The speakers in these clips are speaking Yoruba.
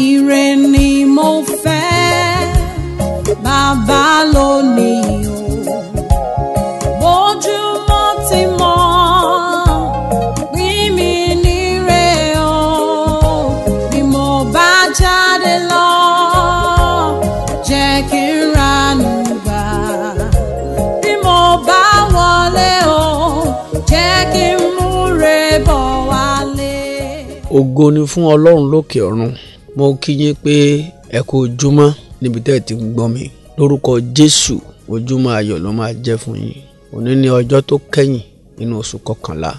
Ire ni mo fẹ́ bàbá lónìí o. Bójúmọ́ ti mọ́ pín mi níre o. Bí mo bá jáde lọ, jẹ́ kí n ranú gbà. Bí mo bá wọlé o, jẹ́ kí n múre bọ̀ wálé. Ògo ni fún Ọlọ́run lókè ọ̀run mo kí yín pé ẹ kú ojúmọ́ níbi tẹ́ ẹ ti ń gbọ́ mi lórúkọ jésù ojúmọ́ ayọ̀ ló máa jẹ́ fún yín òní ni ọjọ́ tó kẹ́yìn nínú oṣù kọkànlá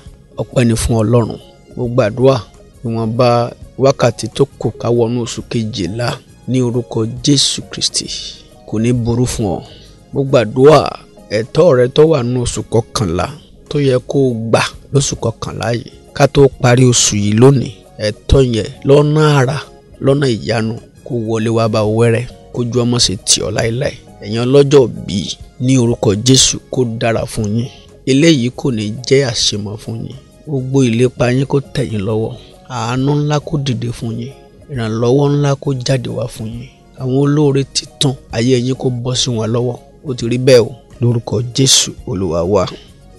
ọpẹ́ ni fún ọlọ́run mo gbàdúrà ìwọ̀nba wákàtí tó kù ká wọnú oṣù kejìlá ní orúkọ jésù kristi kò ní burú fún ọ mo gbàdúrà ẹ̀tọ́ rẹ tó wà nínú oṣù kọkànlá tó yẹ kó o gbà lóṣù kọkànlá yìí ká tó parí oṣù yìí lónìí ẹ̀tọ́ yẹn lọ́nà àrà lọ́nà ìyanu kó wọlé wá bá wẹ́rẹ́ kójú ọmọ sì tì ọ́ láéláé ẹ̀yin ọlọ́jọ́ bí ní orúkọ Jésù kó dára fún yín eléyìí kò ní jẹ́ àṣemọ̀ fún yín gbogbo ìlépa yín kó tẹ̀ yín lọ́wọ́ àánú ńlá kó dìde fún yín ìrànlọ́wọ́ ńlá kó jáde wá fún yín àwọn olóore títàn ayé yín kó bọ́ sí wọn lọ́wọ́ ó ti rí bẹ́ẹ̀ o lórúkọ Jésù Olúwa wa.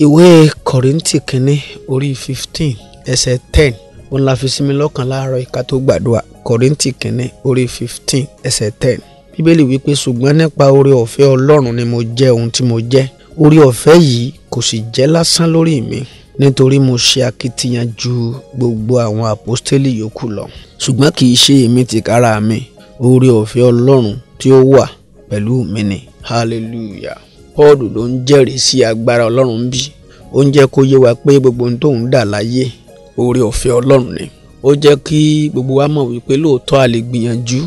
ìwé Kọ́ríńtì kínní orí fifteen ẹsẹ̀ ten òun la fi sí mi lọ́kàn láàárọ̀ ìka tó gbàdúrà kọ́ríntì kínní orí fifteen ẹsẹ̀ ten bíbélì wípé ṣùgbọ́n nípa oore ọ̀fẹ́ ọlọ́run ni mo jẹ́ ohun tí mo jẹ́ oore ọ̀fẹ́ yìí kò sì jẹ́ lásán lórí mi nítorí mo ṣe akitiyan ju gbogbo àwọn àpọ́stélì yòókù lọ ṣùgbọ́n kì í ṣe èmi tìkára mi oore ọ̀fẹ́ ọlọ́run tí ó wà pẹ̀lú mi ni hallelujah paul ló ń jẹ́rìí sí agbára ọlọ́run bí ó ń jẹ́ kó yé wa pé gbogbo ohun tóun dà láyé oore ọ̀fẹ́ ọlọ́run ni ó jẹ́ kí gbogbo wa mọ̀ wípé lóòótọ́ a lè gbìyànjú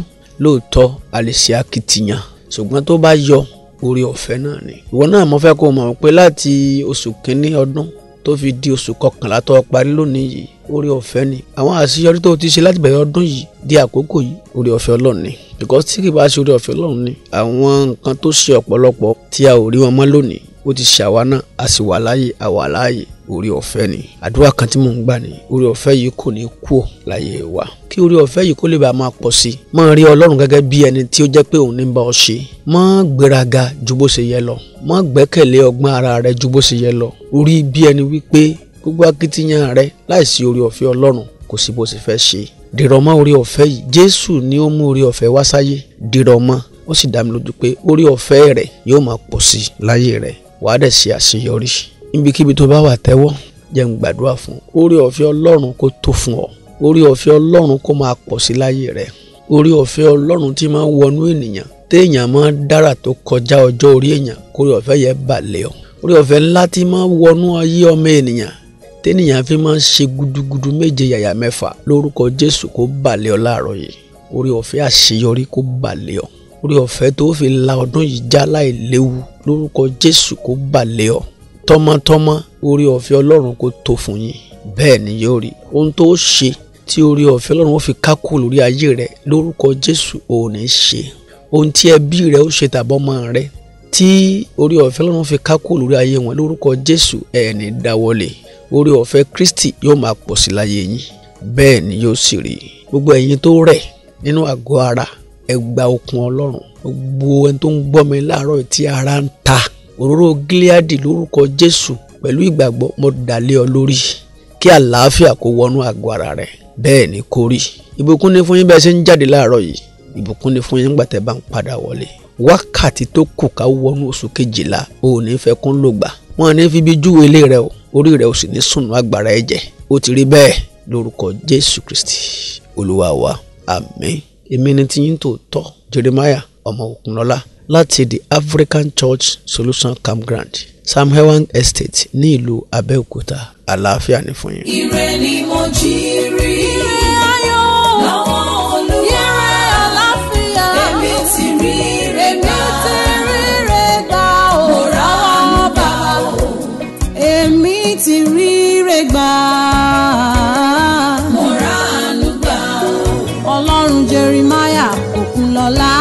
lóòótọ́ a lè ṣe akitiyan ṣùgbọ́n tó bá yọ oore ọ̀fẹ́ náà ni. ìwọ náà mo fẹ́ kó o mọ̀ pé láti oṣù kínní ọdún tó fi di oṣù kọkànlá tó parí lónìí yìí oore ọ̀fẹ́ ni. àwọn àṣeyọrí tó ti ṣe láti bẹ̀rẹ̀ ọdún yìí di àkókò yìí oore ọ̀fẹ́ Ọlọ́run ni. because tí kì bá ṣe oore ọ̀fẹ́ Ọlọ́run ni àwọn nǹkan tó ṣe ọ̀pọ̀lọpọ̀ tí a ò rí wọn mọ́ lónìí ó ti ṣe àwa náà a sì wà láàyè a wà láàyè orí ọ̀fẹ́ ni àdúrà kan tí mò ń gbà ní orí ọ̀fẹ́ yìí kò ní kú ò láyé wa kí orí ọ̀fẹ́ yìí kó lè bá máa pọ̀ sí i máa rí ọlọ́run gẹ́gẹ́ bí ẹni tí ó jẹ́ pé òun ní bá ọ ṣe má gbéraga ju bó ṣe yẹ lọ má gbẹ́kẹ̀lé ọgbọ́n ara rẹ ju bó ṣe yẹ lọ orí bí ẹni wípé gbogbo akitiyan rẹ láìsí orí ọ̀fẹ́ ọlọ́run kò sí bó ṣe fẹ́ ṣe dìrọ̀mọ́ orí ọ̀fẹ́ yìí jésù ni ó mú orí ọ̀fẹ́ wá sáyé dìrọ̀mọ́ ó sì dá mi lójú pé orí ọ̀fẹ́ rẹ̀ yóò máa pọ̀ sí i láyé rẹ̀ wà á dẹ̀ ṣe àṣeyọrí ibikíbi tó bá wà tẹ́wọ́ jẹ́ ń gbàdúrà fún orí ọ̀fẹ́ ọlọ́run kó tó fún ọ orí ọ̀fẹ́ ọlọ́run kó máa pọ̀ sí láyé rẹ orí ọ̀fẹ́ ọlọ́run tí máa ń wọnú ènìyàn téèyàn máa ń dára tó kọjá ọjọ́ orí èèyàn kórè ọ̀fẹ́ yẹn balẹ̀ ọ orí ọ̀fẹ́ ńlá tí máa ń wọnú ayé ọmọ ènìyàn téèyàn fi máa ń ṣe gudugudu méje yàyà mẹ́fà lórúkọ jésù kó balẹ̀ ọ láàárọ̀ yìí orí ọ̀fẹ́ àṣeyọrí kó balẹ̀ ọ orí ọ̀fẹ́ tó fi la ọdún yìí já láì léwu lórúkọ Jésù kó balẹ̀ ọ tọmọtọmọ orí ọ̀fẹ́ Ọlọ́run kó tó fún yín bẹ́ẹ̀ ni yóò rí ohun tó ṣe tí orí ọ̀fẹ́ Ọlọ́run ó fi kákò lórí ayé rẹ lórúkọ Jésù ò ní ṣe ohun tí ẹbí rẹ ó ṣe tàbọ́mọ rẹ tí orí ọ̀fẹ́ Ọlọ́run fi kákò lórí ayé wọn lórúkọ Jésù ẹ̀ ní dáwọ́lé orí ọ̀fẹ́ Kristi yóò máa pọ̀ sí láyé yín bẹ́ẹ̀ ni yóò sì rí gbogbo ẹ̀yin tó rẹ̀ nínú àgọ́ ara ẹ gba okun ọlọ́run gbogbo ẹni tó ń gbọ́ mi láàárọ̀ tí ara ń ta òróró gíláàdì lórúkọ jésù pẹ̀lú ìgbàgbọ́ mo dàlẹ́ ọ lórí kí àlàáfíà kó wọnú àgọ́ ara rẹ bẹ́ẹ̀ ni kó rí ìbùkún ni fún yín bẹ́ẹ̀ ṣe ń jáde láàárọ̀ yìí ìbùkún ni fún yín nígbà tẹ́ bá ń padà wọlé wákàtí tó kù ká wọnú oṣù kejìlá o ò ní fẹ́ kún ló wọn ní fi bí júwe ilé rẹ o orí rẹ o sì ní sùnú agbára ẹ̀jẹ̀ ó ti rí bẹ́ẹ̀ lórúkọ jésù kristi olúwa wa àmín èmi ni ti yín tòótọ́ Jeremiah ọmọ Òkunlọ́lá láti the African Church Solution Campground Sam Hewan Estate ní ìlú Abẹ́òkúta àlàáfíà ni fún yín. ire ni mo jí rí ayọ̀ lọ́wọ́ olùyẹ àlàáfíà èmi ti rí rẹ̀ dá èmi ti rí rẹ̀ dá o mo rà wá bá o èmi ti rí rẹ̀ gbà. Jeremiah Òkunlọ́lá.